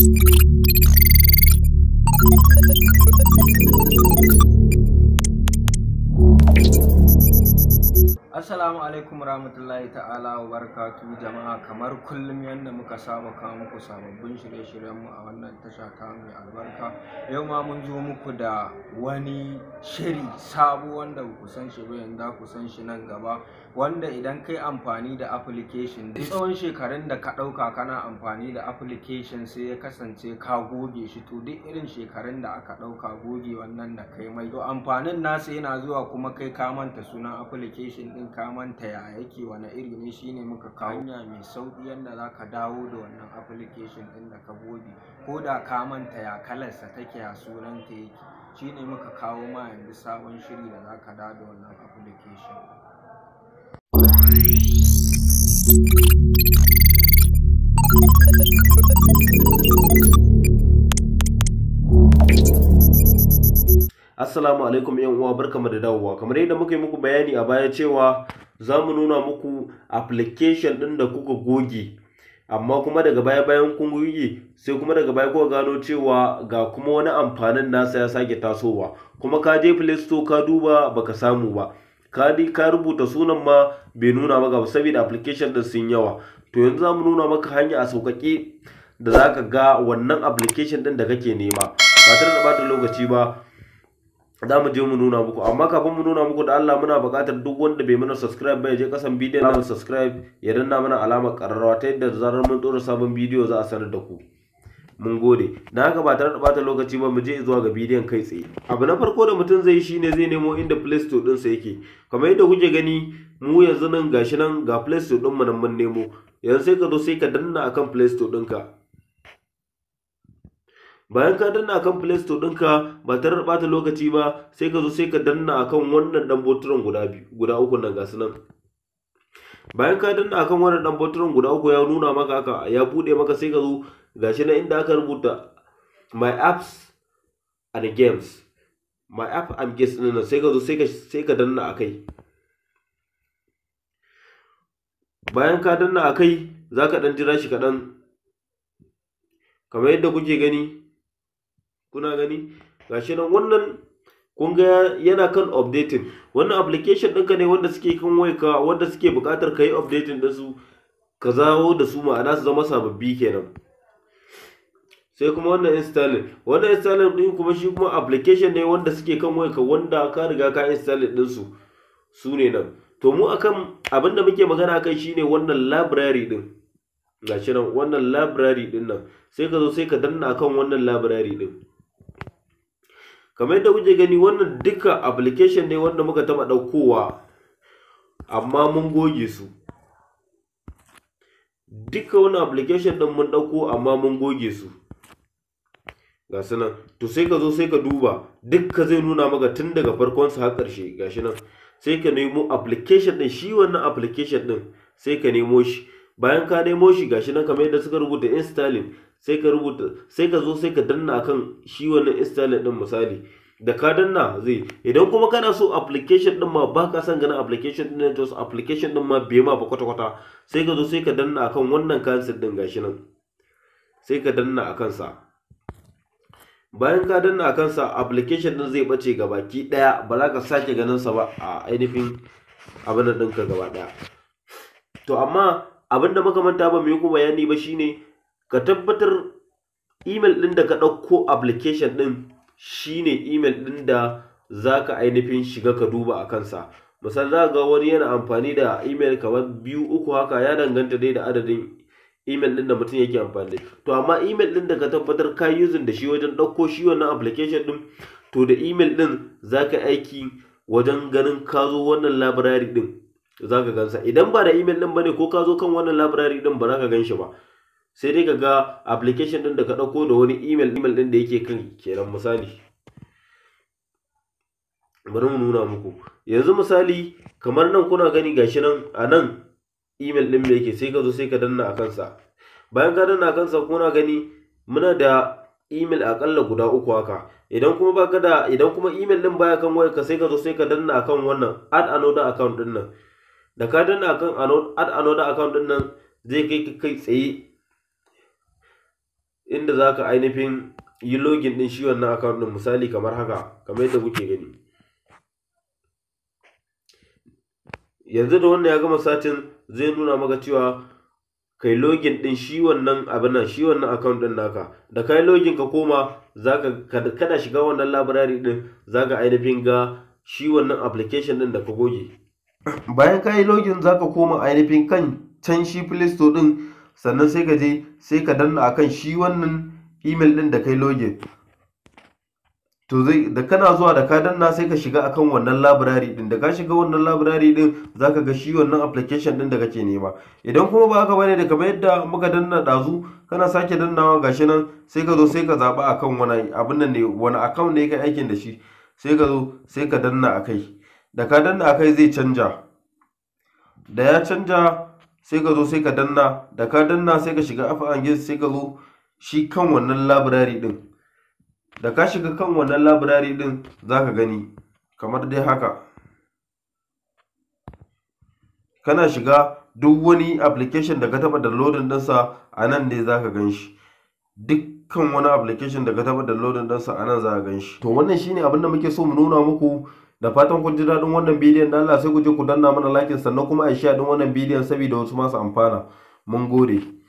Thank you. Assalamu alaikum rahmatullahi ta'ala wa barakatu jama'a kamar kullum yadda muka saba kawo muku sababbin shirye shiryen mu a wannan tasha ta mai albarka yau ma mun zo muku da wani shiri sabo wanda ku san shi ba yanzu ku san shi nan gaba wanda idan kai amfani da application duk tsawon shekarun da ka ɗauka kana amfani da application sai ya kasance ka goge shi to duk irin shekarun da aka ɗauka goge wannan da kai mai to amfanin nasa yana zuwa kuma kai ka manta sunan application ɗin ka manta ya yake wani iri ne shi ne muka kawo hanya mai sauki yadda za ka dawo da wannan application ɗin da ka gobe ko da ka manta ya kalarsa take ya sunanta yake shi ne muka kawo ma yanzu sabon shiri da za ka dawo da wannan application Thank you. Assalamu alaikum yan uwa barkamu da dawowa kamar yadda muka yi muku bayani a baya cewa za mu nuna muku application ɗin da kuka goge amma kuma daga baya bayan kun goge sai kuma daga baya kuka gano cewa ga kuma wani amfanin nasa ya sake tasowa kuma ka je Play Store ka duba baka samu ba ka ka rubuta sunan ma bai nuna maka ba saboda application ɗin sun yawa to yanzu za mu nuna maka hanya a sauƙaƙe da za ka ga wannan application ɗin da kake nema ba tare da ɓata lokaci ba za mu je mu nuna muku amma kafin mu nuna muku da Allah muna buƙatar duk wanda bai mana subscribe ba ya je kasan bidiyon na subscribe ya danna mana alamar ƙararrawa ta yadda zarar mun tsoro sabon bidiyo za a sanar da ku mun gode na haka ba tare da bata lokaci ba mu je zuwa ga bidiyon kai tsaye abu na farko da mutum zai yi shine zai nemo inda play store ɗinsa yake kamar yadda kuke gani mu yanzu nan gashi nan ga play store ɗinmu nan mun nemo yanzu sai ka zo sai ka danna akan play store ɗinka bayan ka danna akan play store ɗinka ba tare da ɓata lokaci ba sai ka zo sai ka danna akan wannan ɗan boturan guda biyu guda uku nan ga nan bayan ka danna akan wannan ɗan boturan guda uku ya nuna maka haka ya buɗe maka sai ka zo gashi na inda aka rubuta my apps and games my app and games ɗin nan sai ka zo sai ka sai ka danna akai bayan ka danna akai za ka ɗan jira shi kaɗan kamar yadda kuke gani kuna gani gashi nan wannan kun ga yana kan updating wannan application ɗinka ne wanda suke kan wayarka wanda suke buƙatar ka yi updating da su ka zawo da su ma'ana su zama sababbi kenan sai kuma wannan installing wannan installing ɗin kuma shi kuma application ne wanda suke kan wayarka wanda ka riga ka installing ɗin su su ne nan to mu akan abin da muke magana kai shine wannan library ɗin gashi nan wannan library ɗin nan sai ka zo sai ka danna akan wannan library ɗin kamar yadda kuke gani wannan duka application ne wanda muka taba daukowa amma mun goge su duka wannan application din mun ɗauko amma mun goge su ga su to sai ka zo sai ka duba dukka zai nuna maka tun daga farkon su har karshe ga nan sai ka nemo application ɗin shi wannan application ɗin sai ka nemo shi bayan ka nemo shi gashi nan kamar yadda suka rubuta installing sai ka rubuta sai ka zo sai ka danna akan shi wannan install din misali da ka danna zai idan kuma kana so application din ma baka son ganin application din to application din ma bai ma ba kwata kwata sai ka zo sai ka danna akan wannan cancel din gashi nan sai ka danna akan sa bayan ka danna akan sa application din zai bace gabaki daya ba za ka sake ganin sa ba a ainihin abin da dinka gaba daya to amma abin da muka manta ba mai yi ku bayani ba shine ka tabbatar email ɗin da ka ɗauko application ɗin shine email ɗin da za ka ainihin shiga ka duba a kansa misali za ga wani yana amfani da email kamar biyu uku haka ya danganta dai da adadin email ɗin da mutum yake amfani to amma email ɗin da ka tabbatar ka using da shi wajen ɗauko shi wannan application ɗin to da email ɗin za ka aiki wajen ganin ka zo wannan labirari ɗin za ka gansa idan ba da email ɗin ba ne ko ka zo kan wannan labirari ɗin ba za ka gan shi ba sai dai ga application din da ka ɗauko da wani email email din da yake kan kenan misali bari mu nuna muku yanzu misali kamar nan kuna gani gashi nan a nan email din me yake sai ka zo sai ka danna a kansa bayan ka danna a kansa kuna gani muna da email akalla guda uku haka idan kuma baka da idan kuma email din baya kan waya ka sai ka zo sai ka danna akan wannan add another account din nan da ka danna akan add another account din nan zai kai kai tsaye inda za ka ainihin yi login ɗin shi wannan account ɗin misali kamar haka kamar yadda kuke gani yanzu da wannan ya gama satin zai nuna maka cewa kai login ɗin shi wannan abin nan shi wannan account ɗin naka da kai login ka koma zaka kada shiga wannan library ɗin zaka ainihin ga shi wannan application ɗin da ka goge bayan ka yi login zaka koma ainihin kan can shi play store ɗin sannan sai ka je sai ka danna akan shi wannan email din da kai login to zai da kana zuwa da ka danna sai ka shiga akan wannan library din da ka shiga wannan library din zaka ga shi wannan application din da kake nema idan kuma ba haka bane da kamar yadda muka danna dazu kana sake dannawa gashi nan sai ka zo sai ka zaba akan wani abin nan ne wani account ne kai aikin da shi sai ka zo sai ka danna akai da ka danna akai zai canja da ya canja sai ka zo sai ka danna da ka danna sai ka shiga app sai ka zo shi kan wannan labirari din da ka shiga kan wannan labirari din za ka gani kamar dai haka kana shiga duk wani application da ka taɓa downloading dansa a nan ne za ka gan shi dukkan wani application da ka taɓa downloading dansa a nan za ka gan to wannan shine abin da muke so mu nuna muku da fatan kun ji daɗin wannan bidiyon da Allah sai ku je ku danna mana lakin sannan kuma a share din wannan bidiyon saboda wasu masu amfana mun gode